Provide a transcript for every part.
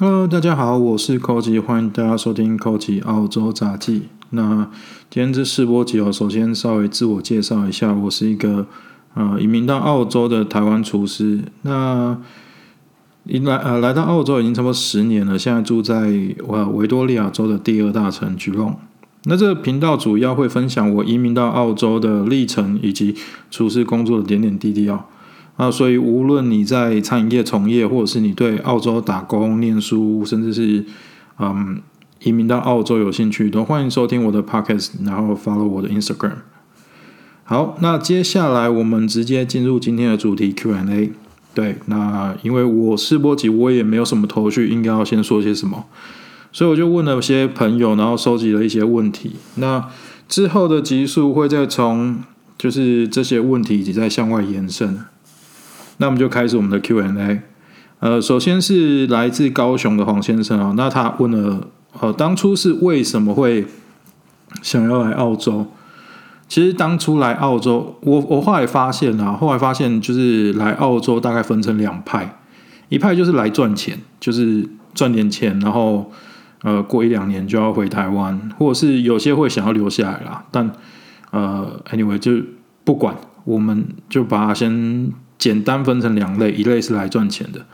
Hello，大家好，我是 Koji，歡迎大家收聽 Koji 澳洲雜記。那今天這試播集哦，首先稍微自我介紹一下，我是一個呃移民到澳洲的台灣廚師。那一來呃來到澳洲已經差不多十年了，現在住在我維多利亞州的第二大城吉隆。Gron. 那這個頻道主要會分享我移民到澳洲的歷程，以及廚師工作的點點滴滴哦。那所以無論你在餐飲業從業，或者是你對澳洲打工、念書，甚至是嗯移民到澳洲有興趣，都歡迎收聽我的 podcast，然後 follow 我的 Instagram。好，那接下來我們直接進入今天的主題 Q&A。對，那因為我試播集，我也沒有什麼頭緒，應該要先說些什麼，所以我就問了些朋友，然後收集了一些問題。那之後的集數會再從就是這些問題，再向外延伸。那我們就開始我們的 Q&A。呃，首先是來自高雄的黃先生啊，哦，那他問了，呃，當初是為什麼會想要來澳洲？其實當初來澳洲，我我後來發現啊，後來發現就是來澳洲大概分成兩派，一派就是來賺錢，就是賺點錢，然後呃過一兩年就要回台灣，或者是有些會想要留下來啦。但呃，anyway 就不管，我們就把它先。簡單分成兩類，一類是來賺錢的，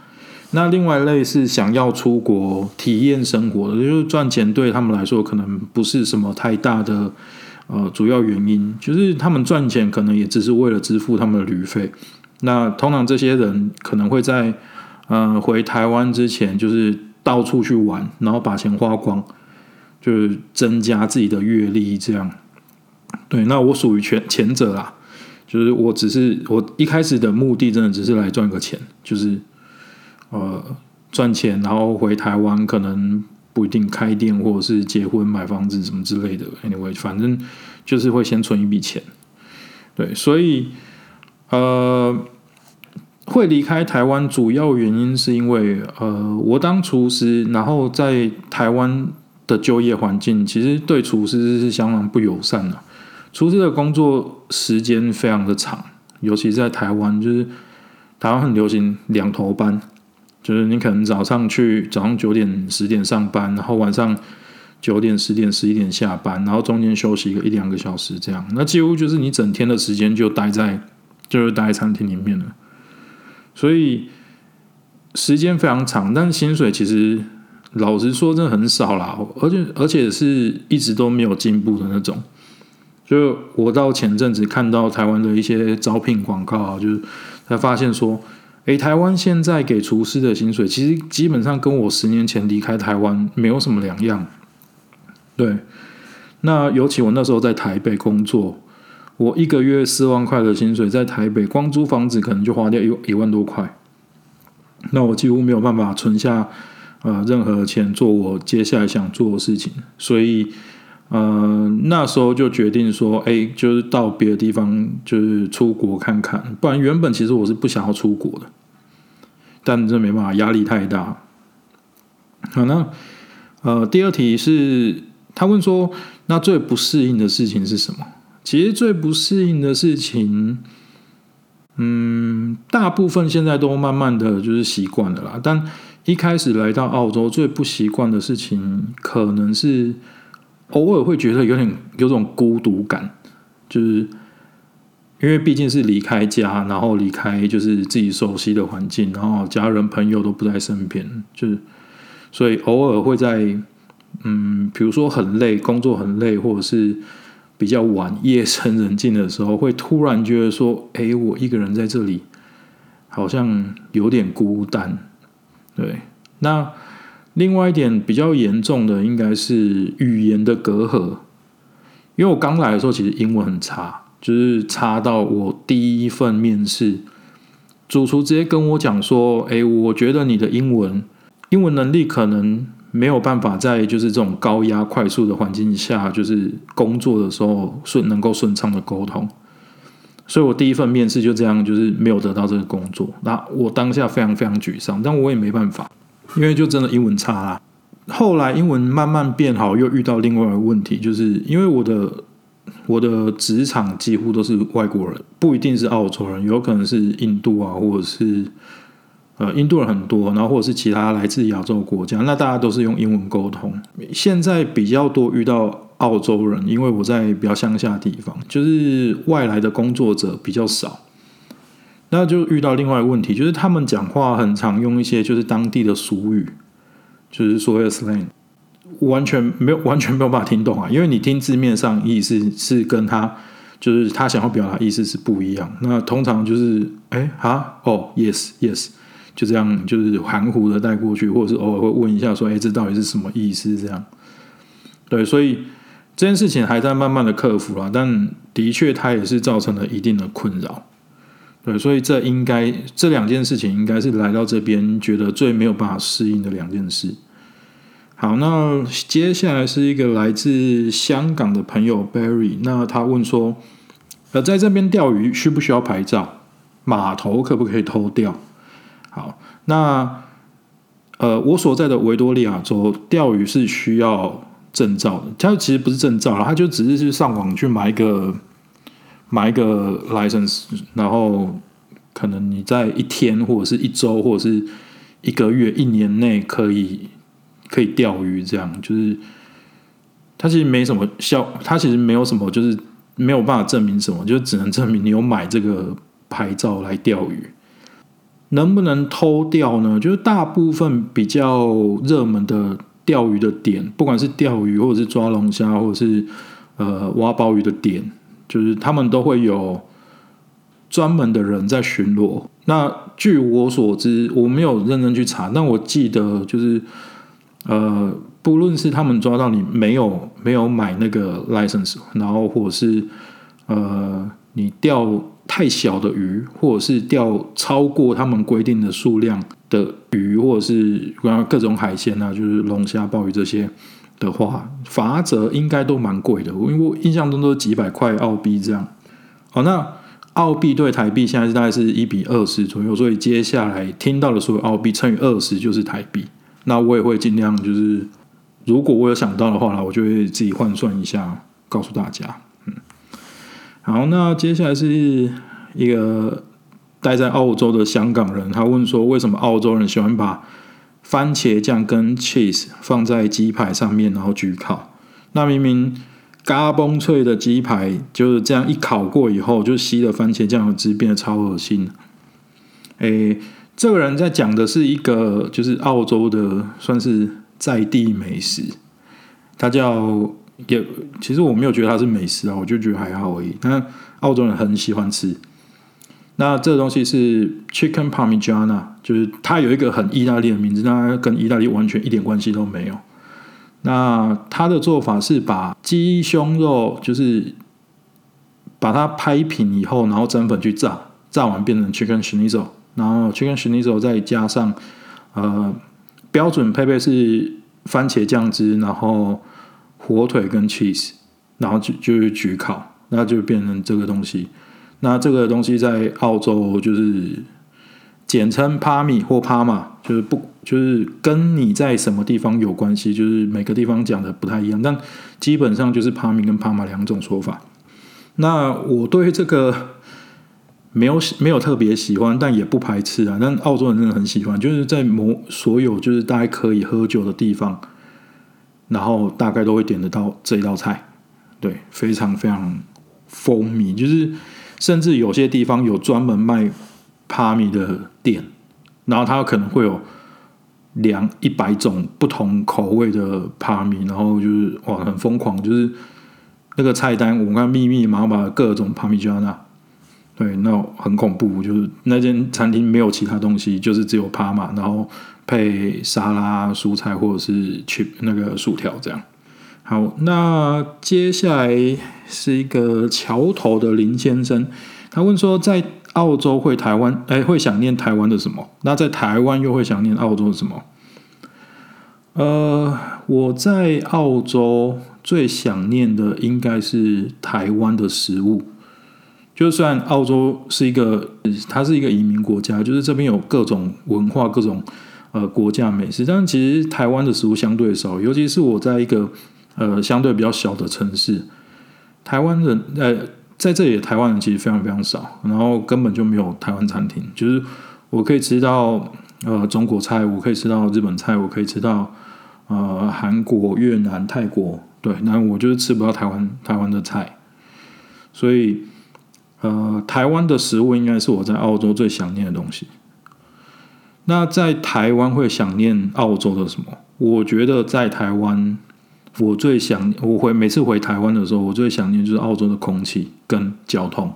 那另外一類是想要出國體驗生活的，就是賺錢對他們來說可能不是什麼太大的呃主要原因，就是他們賺錢可能也只是為了支付他們的旅費。那通常這些人可能會在呃回台灣之前，就是到處去玩，然後把錢花光，就是增加自己的閱歷。這樣，對，那我屬於前前者啦。就是我只是我一開始的目的，真的只是來賺個錢，就是呃賺錢，然後回台灣，可能不一定開店或者是結婚買房子什麼之類的。Anyway，反正就是會先存一筆錢。對，所以呃，會離開台灣主要原因是因為呃，我當廚師，然後在台灣的就業環境其實對廚師是相當不友善的啊。廚師的工作時間非常的長，尤其在台灣，就是台灣很流行兩頭班，就是你可能早上去早上九點十點上班，然後晚上九點十點十一點下班，然後中間休息個一兩個小時這樣，那幾乎就是你整天的時間就待在就是待在餐廳裡面了，所以時間非常長，但是薪水其實老實說真的很少啦，而且而且是一直都沒有進步的那種。就我到前陣子看到台灣的一些招聘廣告啊，就是才發現說，誒、欸，台灣現在給廚師的薪水其實基本上跟我十年前離開台灣沒有什麼兩樣。對，那尤其我那時候在台北工作，我一個月四萬塊的薪水，在台北光租房子可能就花掉一一萬多塊，那我幾乎沒有辦法存下啊、呃、任何錢做我接下來想做的事情，所以。嗯、呃，那時候就決定說，哎、欸，就是到別的地方，就是出國看看。不然原本其實我是不想要出國的，但這沒辦法，壓力太大。好，那呃，第二題是他問說，那最不適應的事情是什麼？其實最不適應的事情，嗯，大部分現在都慢慢的就是習慣了啦。但一開始來到澳洲，最不習慣的事情可能是。偶爾會覺得有點有種孤獨感，就是因為畢竟是離開家，然後離開就是自己熟悉的環境，然後家人朋友都不在身邊，就是所以偶爾會在嗯，比如說很累，工作很累，或者是比較晚，夜深人靜的時候，會突然覺得說，欸，我一個人在這裡好像有點孤單，對，那。另外一點比較嚴重的應該是語言的隔閡，因為我剛來的時候其實英文很差，就是差到我第一份面試，主廚直接跟我講說：“誒，我覺得你的英文英文能力可能沒有辦法在就是這種高壓快速的環境下，就是工作的時候順能夠順暢的溝通。”所以，我第一份面試就這樣，就是沒有得到這個工作。那我當下非常非常沮喪，但我也沒辦法。因為就真的英文差啦，後來英文慢慢變好，又遇到另外一個問題，就是因為我的我的職場幾乎都是外國人，不一定是澳洲人，有可能是印度啊，或者是呃印度人很多，然後或者是其他來自亞洲國家，那大家都是用英文溝通。現在比較多遇到澳洲人，因為我在比較鄉下的地方，就是外來的工作者比較少。那就遇到另外一個問題，就是他們講話很常用一些就是當地的俗語，就是所謂的 slang，完全沒有完全沒有辦法聽懂啊，因為你聽字面上意思是跟他就是他想要表達意思是不一樣。那通常就是哎啊哦 yes yes 就這樣，就是含糊的帶過去，或者是偶爾會問一下說哎、欸、這到底是什麼意思這樣？對，所以這件事情還在慢慢的克服了，但的確它也是造成了一定的困擾。對，所以這應該這兩件事情應該是來到這邊覺得最沒有辦法適應的兩件事。好，那接下來是一個來自香港的朋友 Barry，那他問說，呃，在這邊釣魚需不需要牌照？碼頭可不可以偷釣？好，那呃，我所在的維多利亞州釣魚是需要證照的，它其實不是證照，它就只是去上網去買一個。買一個 license，然後可能你在一天或者是一周或者是一個月，一年內可以可以釣魚。這樣就是它其實沒什麼效，它其實沒有什麼，就是沒有辦法證明什麼，就只能證明你有買這個牌照來釣魚。能不能偷釣呢？就是大部分比較熱門的釣魚的點，不管是釣魚或者是抓龍蝦或者是呃挖鮑魚的點。就是他們都會有專門的人在巡邏。那據我所知，我沒有認真去查，但我記得就是，呃，不論是他們抓到你沒有沒有買那個 license，然後或者是呃你釣太小的魚，或者是釣超過他們規定的數量的魚，或者是各種海鮮啊，就是龍蝦、鮑魚這些。的話，罰則應該都蠻貴的，我因為我印象中都是幾百塊澳幣這樣。好、哦，那澳幣對台幣現在大概是一比二十左右，所以接下來聽到的所有澳幣乘以二十就是台幣。那我也會盡量就是，如果我有想到的話那我就會自己換算一下，告訴大家。嗯，好，那接下來是一個待在澳洲的香港人，他問說，為什麼澳洲人喜歡把番茄醬跟 cheese 放在雞排上面，然後焗烤。那明明嘎嘣脆的雞排，就是這樣一烤過以後，就吸了番茄醬的汁，變得超惡心。誒、欸，這個人在講的是一個，就是澳洲的算是在地美食。他叫也，其實我沒有覺得它是美食啊，我就覺得還好而、欸、已。那澳洲人很喜歡吃。那這個東西是 Chicken Parmigiana，就是它有一個很意大利的名字，那跟意大利完全一點關係都沒有。那它的做法是把雞胸肉就是把它拍平以後，然後沾粉去炸，炸完變成 Chicken Schnitzel 然後 Chicken Schnitzel 再加上呃標準配備是番茄醬汁，然後火腿跟 cheese，然後就就去焗烤，那就變成這個東西。那這個東西在澳洲就是簡稱“帕米”或“帕馬”，就是不就是跟你在什麼地方有關係，就是每個地方講的不太一樣，但基本上就是“帕米”跟“帕馬”兩種說法。那我對這個沒有沒有特別喜歡，但也不排斥啊。但澳洲人真的很喜歡，就是在某所有就是大概可以喝酒的地方，然後大概都會點得到這一道菜，對，非常非常風靡，就是。甚至有些地方有專門賣帕米的店，然後它可能會有兩一百種不同口味的帕米，然後就是哇，很瘋狂，就是那個菜單我看密密麻麻各種帕米加納，對，那很恐怖，就是那間餐廳沒有其他東西，就是只有帕米，然後配沙拉、蔬菜或者是去那個薯條這樣。好，那接下來是一個橋頭的林先生，他問說，在澳洲會台灣，哎、欸，會想念台灣的什麼？那在台灣又會想念澳洲的什麼？呃，我在澳洲最想念的應該是台灣的食物。就算澳洲是一個，它是一個移民國家，就是這邊有各種文化、各種呃國家美食，但其實台灣的食物相對少，尤其是我在一個。呃，相對比較小的城市，台灣人呃，在這裡台灣人其實非常非常少，然後根本就沒有台灣餐廳。就是我可以吃到呃中國菜，我可以吃到日本菜，我可以吃到呃韓國、越南、泰國，對，那我就是吃不到台灣台灣的菜。所以，呃，台灣的食物應該是我在澳洲最想念的東西。那在台灣會想念澳洲的什麼？我覺得在台灣。我最想我回，每次回台灣的時候，我最想念就是澳洲的空氣跟交通。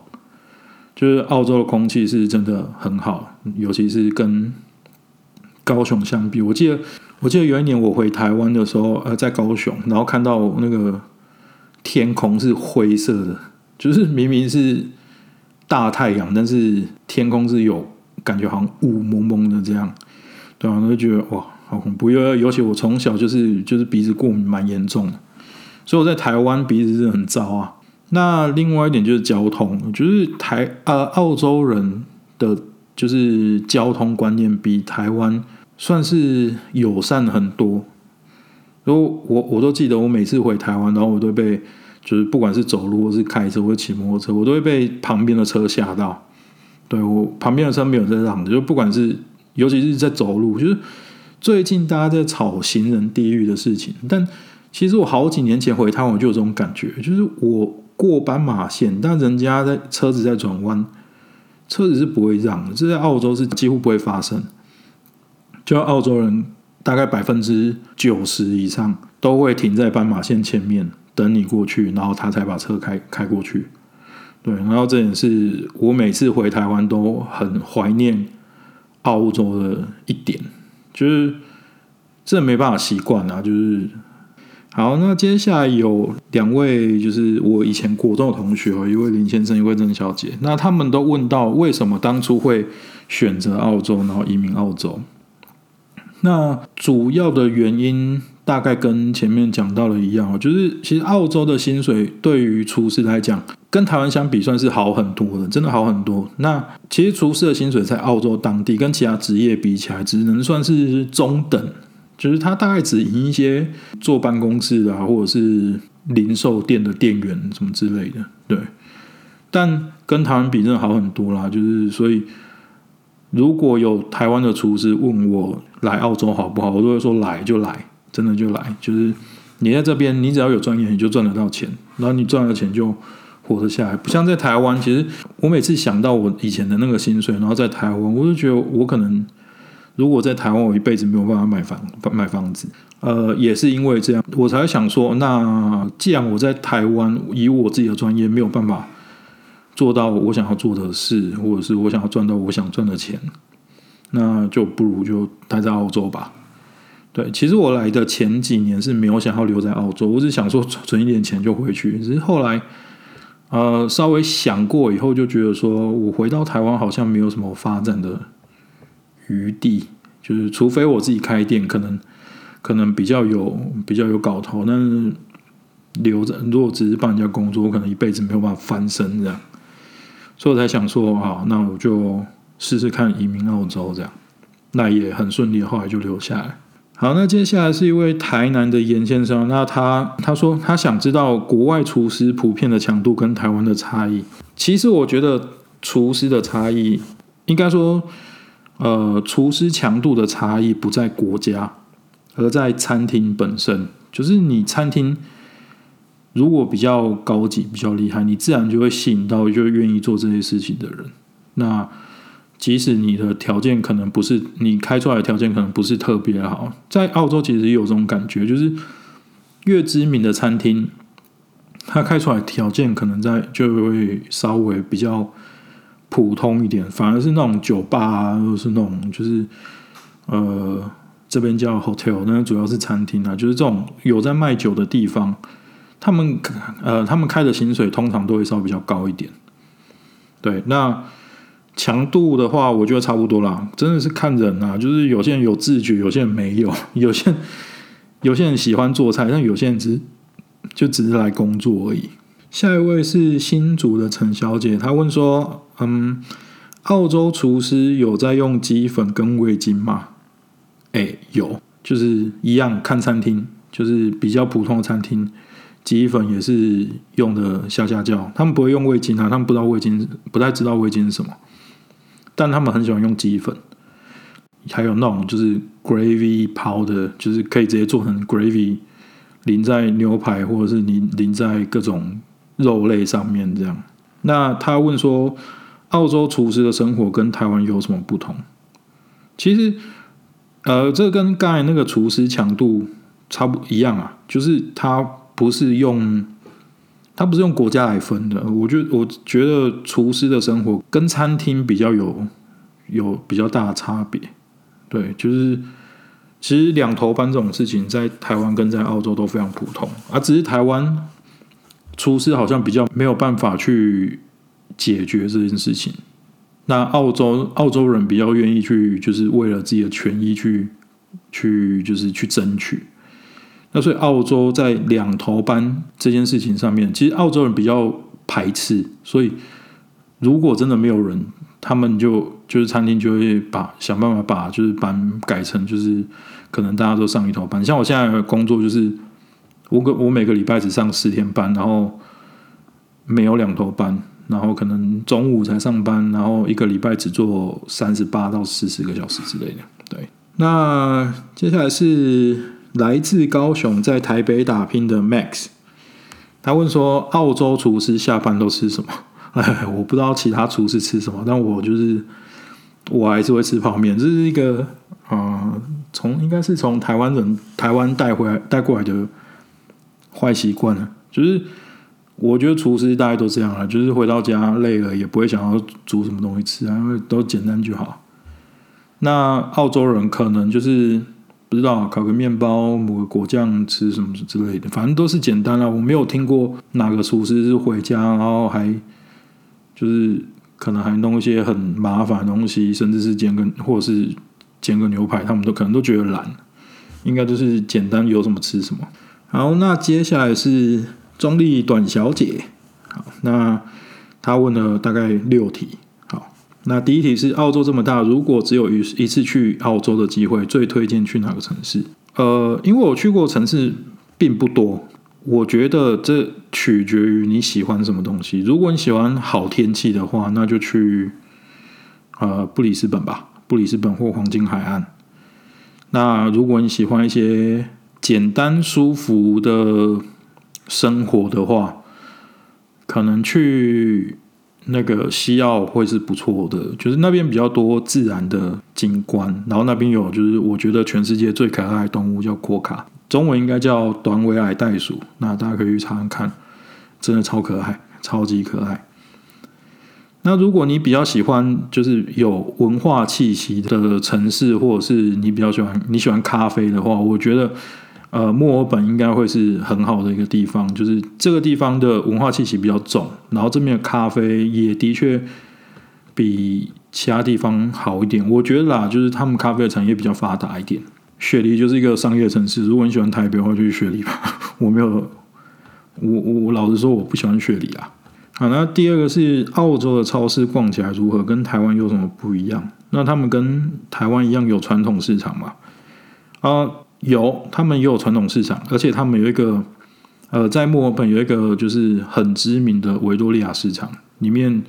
就是澳洲的空氣是真的很好，尤其是跟高雄相比。我記得我記得有一年我回台灣的時候，呃，在高雄，然後看到那個天空是灰色的，就是明明是大太陽，但是天空是有感覺好像霧蒙蒙的這樣，對啊，我就覺得哇。好恐怖！因為尤其我從小就是就是鼻子過敏蠻嚴重的，所以我在台灣鼻子是很糟啊。那另外一點就是交通，就是台呃澳洲人的就是交通觀念比台灣算是友善很多。如我我都記得，我每次回台灣，然後我都被就是不管是走路或是開車或騎摩托車，我都會被旁邊的車嚇到。對，我旁邊的車沒有在讓的，就不管是，尤其是在走路，就是。最近大家在吵行人地獄的事情，但其實我好幾年前回台灣，我就有這種感覺，就是我過斑馬線，但人家在車子在轉彎，車子是不會讓的，這在澳洲是幾乎不會發生。就澳洲人大概百分之九十以上都會停在斑馬線前面等你過去，然後他才把車開開過去。對，然後這也是我每次回台灣都很懷念澳洲的一點。就是這沒辦法習慣啊，就是好。那接下來有兩位，就是我以前國中的同學，一位林先生，一位鄭小姐。那他們都問到為什麼當初會選擇澳洲，然後移民澳洲。那主要的原因。大概跟前面講到的一樣，就是其實澳洲的薪水對於廚師來講，跟台灣相比算是好很多的，真的好很多。那其實廚師的薪水在澳洲當地跟其他職業比起來，只能算是中等，就是他大概只贏一些坐辦公室的、啊、或者是零售店的店員什麼之類的。對，但跟台灣比，真的好很多啦。就是所以，如果有台灣的廚師問我來澳洲好不好，我都會說來就來。真的就來，就是你在這邊，你只要有專業，你就賺得到錢，然後你賺了錢就活得下來。不像在台灣，其實我每次想到我以前的那個薪水，然後在台灣，我就覺得我可能如果在台灣，我一輩子沒有辦法買房買房子。呃，也是因為這樣，我才想說，那既然我在台灣，以我自己的專業沒有辦法做到我想要做的事，或者是我想要賺到我想賺的錢，那就不如就待在澳洲吧。對，其實我來的前幾年是沒有想要留在澳洲，我只是想說存一點錢就回去。只是後來，呃，稍微想過以後，就覺得說我回到台灣好像沒有什麼發展的餘地，就是除非我自己開店，可能可能比較有比較有搞頭。但是留着，如果只是幫人家工作，我可能一輩子沒有辦法翻身這樣。所以我才想說，好，那我就試試看移民澳洲這樣，那也很順利。後來就留下來。好，那接下來是一位台南的嚴先生，那他他說他想知道國外廚師普遍的強度跟台灣的差異。其實我覺得廚師的差異，應該說，呃，廚師強度的差異不在國家，而在餐廳本身。就是你餐廳如果比較高級、比較厲害，你自然就會吸引到就願意做這些事情的人。那即使你的條件可能不是你開出來的條件可能不是特別好。在澳洲其實也有這種感覺，就是越知名的餐廳，它開出來條件可能在就會稍微比較普通一點，反而是那種酒吧啊，或是那種就是呃這邊叫 hotel，那主要是餐廳啊，就是這種有在賣酒的地方，他們呃他們開的薪水通常都會稍微比較高一點。對，那。強度的話，我覺得差不多啦。真的是看人啊，就是有些人有自覺，有些人沒有。有些人有些人喜歡做菜，但有些人只就只是來工作而已。下一位是新竹的陳小姐，她問說：“嗯，澳洲廚師有在用雞粉跟味精嗎？”誒、欸，有，就是一樣，看餐廳，就是比較普通的餐廳，雞粉也是用的嚇嚇叫，他們不會用味精啊，他們不知道味精，不太知道味精是什麼。但他們很喜歡用雞粉，還有那種就是 gravy powder，就是可以直接做成 gravy，淋在牛排或者是淋淋在各種肉類上面這樣。那他問說，澳洲廚師的生活跟台灣有什麼不同？其實，呃，這跟剛才那個廚師強度差不一樣啊，就是他不是用。他不是用國家來分的，我覺我覺得廚師的生活跟餐廳比較有有比較大的差別，對，就是其實兩頭班這種事情在台灣跟在澳洲都非常普通，啊，只是台灣廚師好像比較沒有辦法去解決這件事情，那澳洲澳洲人比較願意去，就是為了自己的權益去去就是去爭取。所以澳洲在兩頭班這件事情上面，其實澳洲人比較排斥。所以如果真的沒有人，他們就就是餐廳就會把想辦法把就是班改成就是可能大家都上一頭班。像我現在的工作就是我個我每個禮拜只上四天班，然後沒有兩頭班，然後可能中午才上班，然後一個禮拜只做三十八到四十個小時之類的。對，那接下來是。來自高雄在台北打拼的 Max，他問說：“澳洲廚師下班都吃什麼？” 我不知道其他廚師吃什麼，但我就是我還是會吃泡麵。這是一個啊、呃，從應該是從台灣人台灣帶回來帶過來的壞習慣了。就是我覺得廚師大家都這樣了，就是回到家累了也不會想要煮什麼東西吃，啊，因為都簡單就好。那澳洲人可能就是。不知道、啊、烤個麵包，抹個果醬吃什麼之類的，反正都是簡單啦、啊、我沒有聽過哪個廚師是回家然後還就是可能還弄一些很麻煩的東西，甚至是煎個或者是煎個牛排，他們都可能都覺得懶，應該就是簡單有什麼吃什麼。好，那接下來是中立短小姐。好，那她問了大概六題。那第一題是澳洲這麼大，如果只有一一次去澳洲的機會，最推薦去哪個城市？呃，因為我去過城市並不多，我覺得這取決於你喜歡什麼東西。如果你喜歡好天氣的話，那就去呃布里斯本吧，布里斯本或黃金海岸。那如果你喜歡一些簡單舒服的生活的話，可能去。那個西澳會是不錯的，就是那邊比較多自然的景觀，然後那邊有就是我覺得全世界最可愛的動物叫闊卡，中文應該叫短尾矮袋鼠，那大家可以去查查看，真的超可愛，超級可愛。那如果你比較喜歡就是有文化氣息的城市，或者是你比較喜歡你喜歡咖啡的話，我覺得。呃，墨爾本應該會是很好的一個地方，就是這個地方的文化氣息比較重，然後這邊的咖啡也的確比其他地方好一點。我覺得啦，就是他們咖啡的產業比較發達一點。雪梨就是一個商業城市，如果你喜歡台北的話，就去雪梨吧。我沒有，我我老實說，我不喜歡雪梨啊。好，啊，那第二個是澳洲的超市逛起來如何，跟台灣有什麼不一樣？那他們跟台灣一樣有傳統市場嗎？啊。有，他們也有傳統市場，而且他們有一個，呃，在墨爾本有一個就是很知名的維多利亞市場，裡面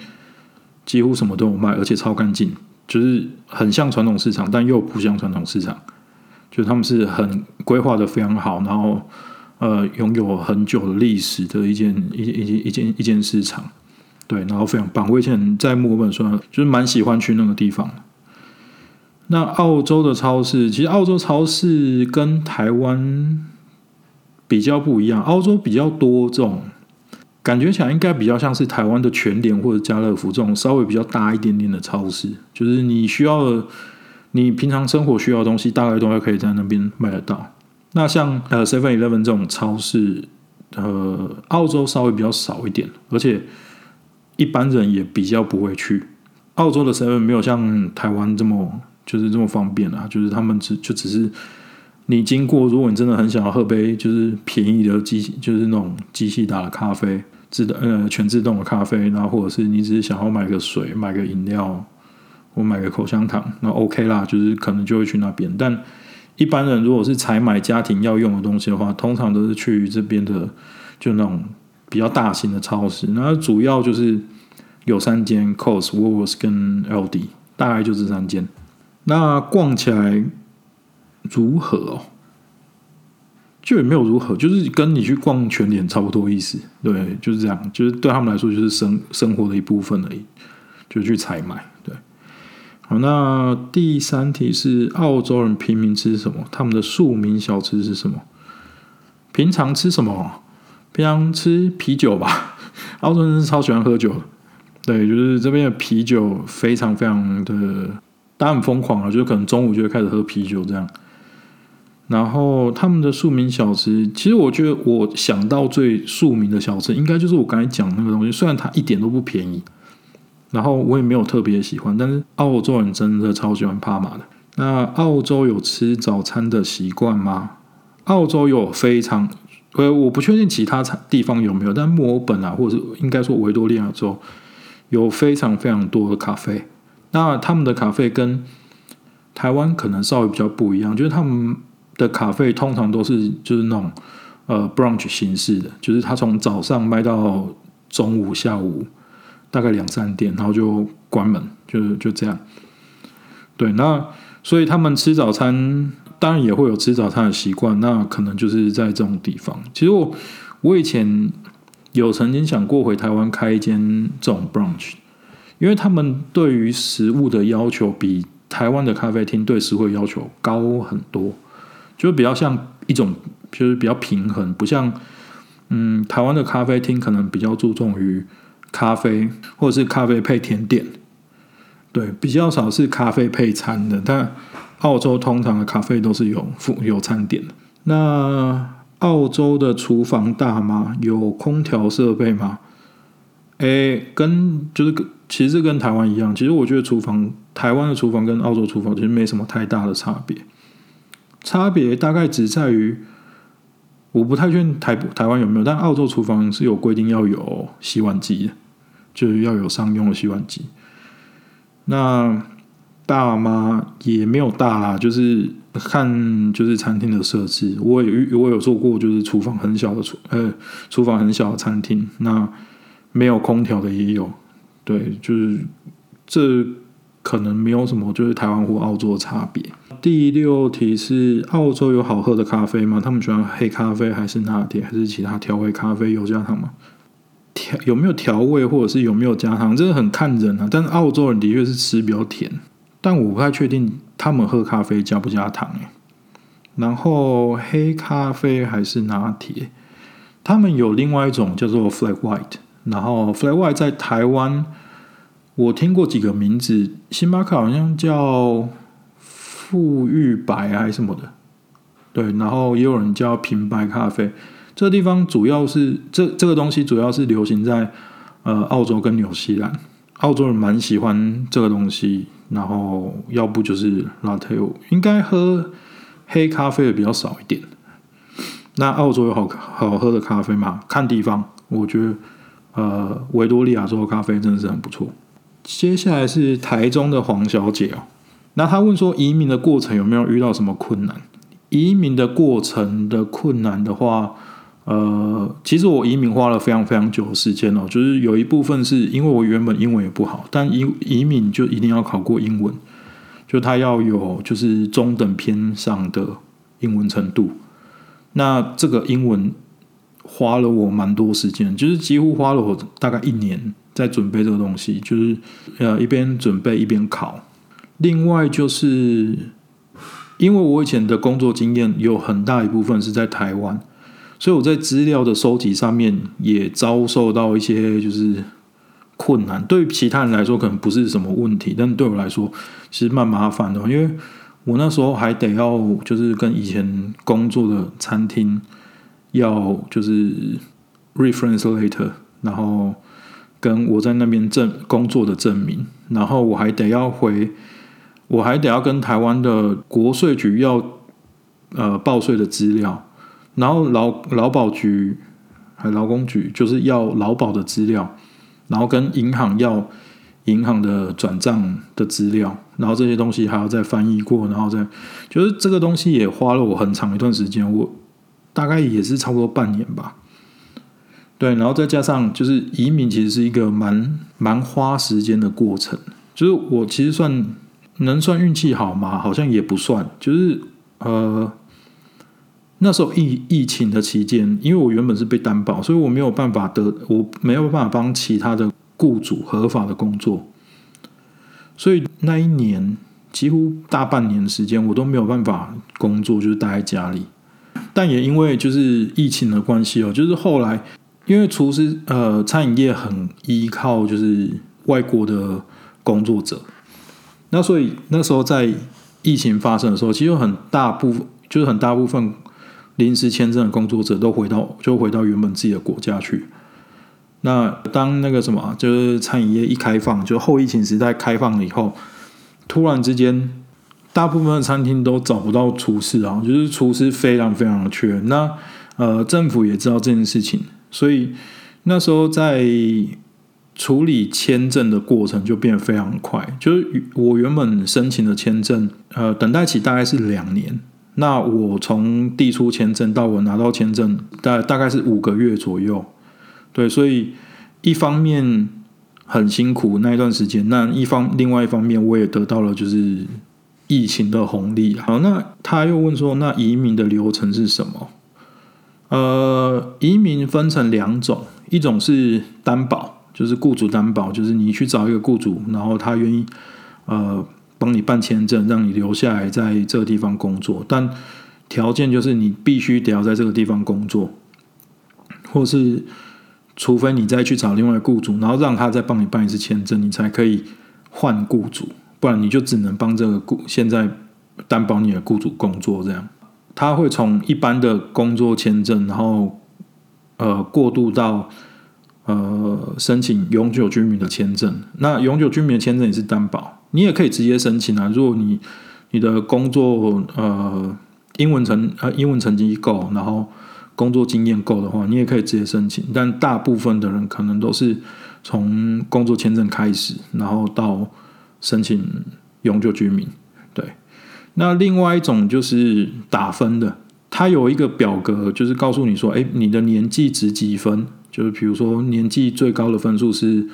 幾乎什麼都有賣，而且超乾淨，就是很像傳統市場，但又不像傳統市場，就是他們是很規劃的非常好，然後呃擁有很久的歷史的一間一一間一間一間市場，對，然後非常棒。我以前在墨爾本說就是蠻喜歡去那個地方。那澳洲的超市，其實澳洲超市跟台灣比較不一樣，澳洲比較多這種，感覺起來應該比較像是台灣的全聯或者家樂福這種稍微比較大一點點的超市，就是你需要的，你平常生活需要的東西大概都還可以在那邊買得到。那像呃 Seven Eleven 這種超市，呃澳洲稍微比較少一點，而且一般人也比較不會去。澳洲的 Seven 沒有像台灣這麼。就是這麼方便了。啊，就是他們只就只是你經過，如果你真的很想要喝杯就是便宜的機器，就是那種機器打的咖啡自呃全自動的咖啡，然後或者是你只是想要買個水，買個飲料，我買個口香糖，那 OK 啦，就是可能就會去那邊。但一般人如果是採買家庭要用的東西的話，通常都是去這邊的就那種比較大型的超市，然後主要就是有三間 Coles、Woolworths 跟 ALDI，大概就是三間。那逛起來如何？哦？就也沒有如何，就是跟你去逛全聯差不多意思。對，就是這樣，就是對他們來說就是生生活的一部分而已，就去採買。對，好，那第三題是澳洲人平民吃什麼？他們的庶民小吃是什麼？平常吃什麼？平常吃啤酒吧。澳洲人超喜歡喝酒的，對，就是這邊的啤酒非常非常的。當然很瘋狂啊，就可能中午就會開始喝啤酒這樣。然後他們的庶民小吃，其實我覺得我想到最庶民的小吃，應該就是我剛才講的那個東西，雖然它一點都不便宜，然後我也沒有特別喜歡，但是澳洲人真的超喜歡帕瑪的。那澳洲有吃早餐的習慣嗎？澳洲有非常，呃，我不確定其他地方有沒有，但墨爾本啊，或者應該說維多利亞州，有非常非常多的咖啡。那他們的咖啡跟台灣可能稍微比較不一樣，就是他們的咖啡通常都是就是那種呃 brunch 形式的，就是他從早上賣到中午，下午大概兩三點，然後就關門，就就這樣。對，那所以他們吃早餐當然也會有吃早餐的習慣，那可能就是在這種地方。其實我我以前有曾經想過回台灣開一間這種 brunch。因為他們對於食物的要求比台灣的咖啡廳對食物的要求高很多，就比較像一種就是比較平衡，不像嗯台灣的咖啡廳可能比較注重於咖啡或者是咖啡配甜點，對，比較少是咖啡配餐的。但澳洲通常的咖啡都是有附有餐點的。那澳洲的廚房大嗎？有空調設備嗎？哎、欸，跟就是。其實跟台灣一樣，其實我覺得廚房，台灣的廚房跟澳洲廚房其實沒什麼太大的差別，差別大概只在於，我不太確定台台灣有沒有，但澳洲廚房是有規定要有洗碗機的，就是要有商用的洗碗機。那大媽也沒有大啦，就是看就是餐廳的設置，我也我有做過，就是廚房很小的廚，呃，廚房很小的餐廳，那沒有空調的也有。對，就是這可能沒有什麼，就是台灣或澳洲的差別。第六題是：澳洲有好喝的咖啡嗎？他們喜歡黑咖啡還是拿鐵還是其他調味咖啡？有加糖嗎？調有沒有調味或者是有沒有加糖？真的很看人啊。但是澳洲人的確是吃比較甜，但我不太確定他們喝咖啡加不加糖哎、欸。然後黑咖啡還是拿鐵？他們有另外一種叫做 Flat White。然後 Flat White 在台灣，我聽過幾個名字，星巴克好像叫馥郁白，還是什麼的，對，然後也有人叫平白咖啡。這個地方主要是這這個東西主要是流行在呃澳洲跟紐西蘭，澳洲人蠻喜歡這個東西，然後要不就是 Latte，應該喝黑咖啡的比較少一點。那澳洲有好好喝的咖啡嗎？看地方，我覺得。呃，維多利亞州的咖啡真的是很不錯。接下來是台中的黃小姐哦，那她問說，移民的過程有沒有遇到什麼困難？移民的過程的困難的話，呃，其實我移民花了非常非常久的時間哦，就是有一部分是因為我原本英文也不好，但移移民就一定要考過英文，就他要有就是中等偏上的英文程度。那這個英文。花了我蠻多時間，就是幾乎花了我大概一年在準備這個東西，就是呃一邊準備一邊考。另外就是因為我以前的工作經驗有很大一部分是在台灣，所以我在資料的收集上面也遭受到一些就是困難。對於其他人來說可能不是什麼問題，但對我來說其實蠻麻煩的，因為我那時候還得要就是跟以前工作的餐廳。要就是 reference letter 然後跟我在那邊證工作的證明，然後我還得要回，我還得要跟台灣的國稅局要呃報稅的資料，然後勞勞保局還勞工局就是要勞保的資料，然後跟銀行要銀行的轉賬的資料，然後這些東西還要再翻譯過，然後再就是這個東西也花了我很長一段時間我。大概也是差不多半年吧，對，然後再加上就是移民，其實是一個蠻蠻花時間的過程。就是我其實算能算運氣好嗎？好像也不算。就是呃，那時候疫疫情的期間，因為我原本是被擔保，所以我沒有辦法得，我沒有辦法幫其他的雇主合法的工作。所以那一年幾乎大半年的時間，我都沒有辦法工作，就是待在家裡。但也因為就是疫情的關係哦，就是後來因為廚師呃餐飲業很依靠就是外國的工作者，那所以那時候在疫情發生的時候，其實很大部分就是很大部分臨時簽證的工作者都回到就回到原本自己的國家去。那當那個什麼就是餐飲業一開放，就後疫情時代開放了以後，突然之間。大部分的餐廳都找不到廚師啊，就是廚師非常非常的缺。那呃，政府也知道這件事情，所以那時候在處理簽證的過程就變得非常快。就是我原本申請的簽證，呃，等待期大概是兩年。那我從遞出簽證到我拿到簽證，大大概是五個月左右。對，所以一方面很辛苦那一段時間，那一方另外一方面我也得到了就是。疫情的紅利。好，那他又問說，那移民的流程是什麼？呃，移民分成兩種，一種是擔保，就是僱主擔保，就是你去找一個僱主，然後他願意呃幫你辦簽證，讓你留下來在這個地方工作，但條件就是你必須得要在這個地方工作，或是除非你再去找另外僱主，然後讓他再幫你辦一次簽證，你才可以換僱主。不然你就只能幫這個僱現在擔保你的雇主工作這樣，他會從一般的工作簽證，然後呃過渡到呃申請永久居民的簽證。那永久居民的簽證也是擔保，你也可以直接申請啊。如果你你的工作呃英文成呃英文成績夠，然後工作經驗夠的話，你也可以直接申請。但大部分的人可能都是從工作簽證開始，然後到。申請永久居民，對。那另外一種就是打分的，它有一個表格，就是告訴你說，哎，你的年紀值幾分？就是比如說年紀最高的分數是，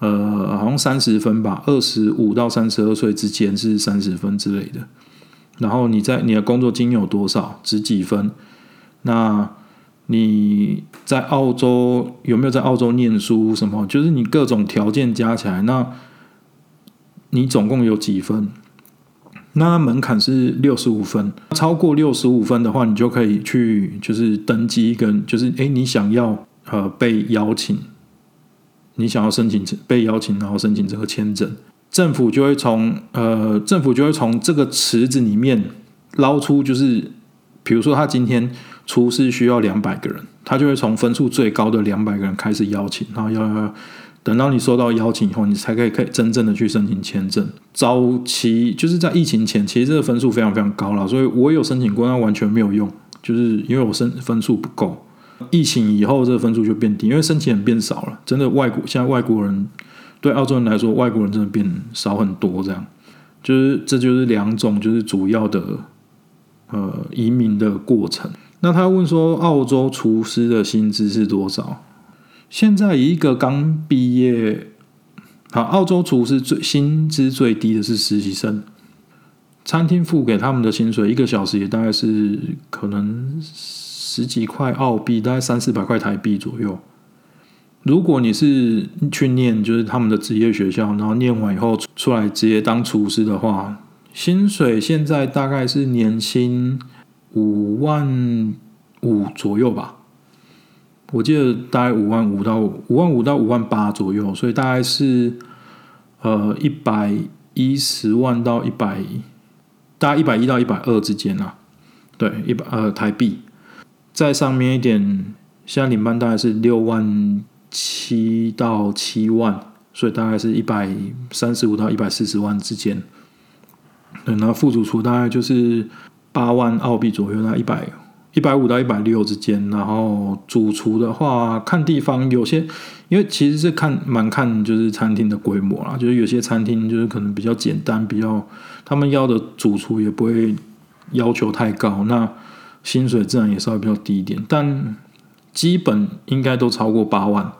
呃，好像三十分吧，二十五到三十二歲之間是三十分之類的。然後你在你的工作經驗有多少，值幾分？那你在澳洲有沒有在澳洲念書什麼？就是你各種條件加起來那。你總共有幾分？那門檻是六十五分，超過六十五分的話，你就可以去就是登記跟就是誒、欸，你想要呃被邀請，你想要申請被邀請，然後申請這個簽證，政府就會從呃政府就會從這個池子裡面撈出，就是比如說他今天廚師需要兩百個人，他就會從分數最高的兩百個人開始邀請，然後要要。等到你收到邀請以後，你才可以可以真正的去申請簽證。早期就是在疫情前，其實這個分數非常非常高了，所以我有申請過，但完全沒有用，就是因為我申分數不夠。疫情以後，這個分數就變低，因為申請人變少了。真的外國，現在外國人對澳洲人來說，外國人真的變少很多，這樣就是這就是兩種就是主要的呃移民的過程。那他問說，澳洲廚師的薪資是多少？現在一個剛畢業，好，澳洲廚師最薪資最低的是實習生，餐廳付給他們的薪水一個小時也大概是可能十幾塊澳幣，大概三四百塊台幣左右。如果你是去念就是他們的職業學校，然後念完以後出來直接當廚師的話，薪水現在大概是年薪五萬五左右吧。我記得大概五萬五到五萬五到五萬八左右，所以大概是呃一百一十萬到一百，大概一百一到一百二之間啊。對，一百呃台幣。再上面一點，現在領班大概是六萬七到七萬，所以大概是一百三十五到一百四十萬之間。對，那副主廚大概就是八萬澳幣左右，那一百。一百五到一百六之間，然後主廚的話看地方，有些因為其實是看蠻看就是餐廳的規模啦，就是有些餐廳就是可能比較簡單，比較他們要的主廚也不會要求太高，那薪水自然也稍微比較低一點，但基本應該都超過八萬，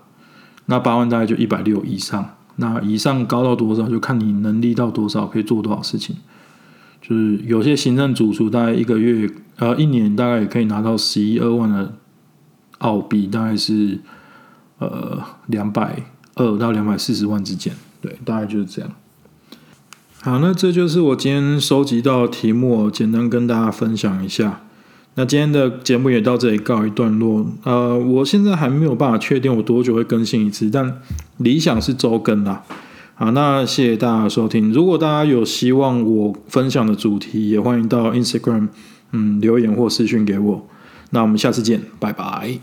那八萬大概就一百六以上，那以上高到多少就看你能力到多少，可以做多少事情。就是有些行政主廚大概一個月呃一年大概也可以拿到十一二萬的澳幣，大概是呃兩百二到兩百四十萬之間，對，大概就是這樣。好，那這就是我今天收集到的題目，簡單跟大家分享一下。那今天的節目也到這裡告一段落。呃，我現在還沒有辦法確定我多久會更新一次，但理想是周更啦。好，那謝謝大家收聽。如果大家有希望我分享的主題，也歡迎到 Instagram，嗯，留言或私訊給我。那我們下次見，拜拜。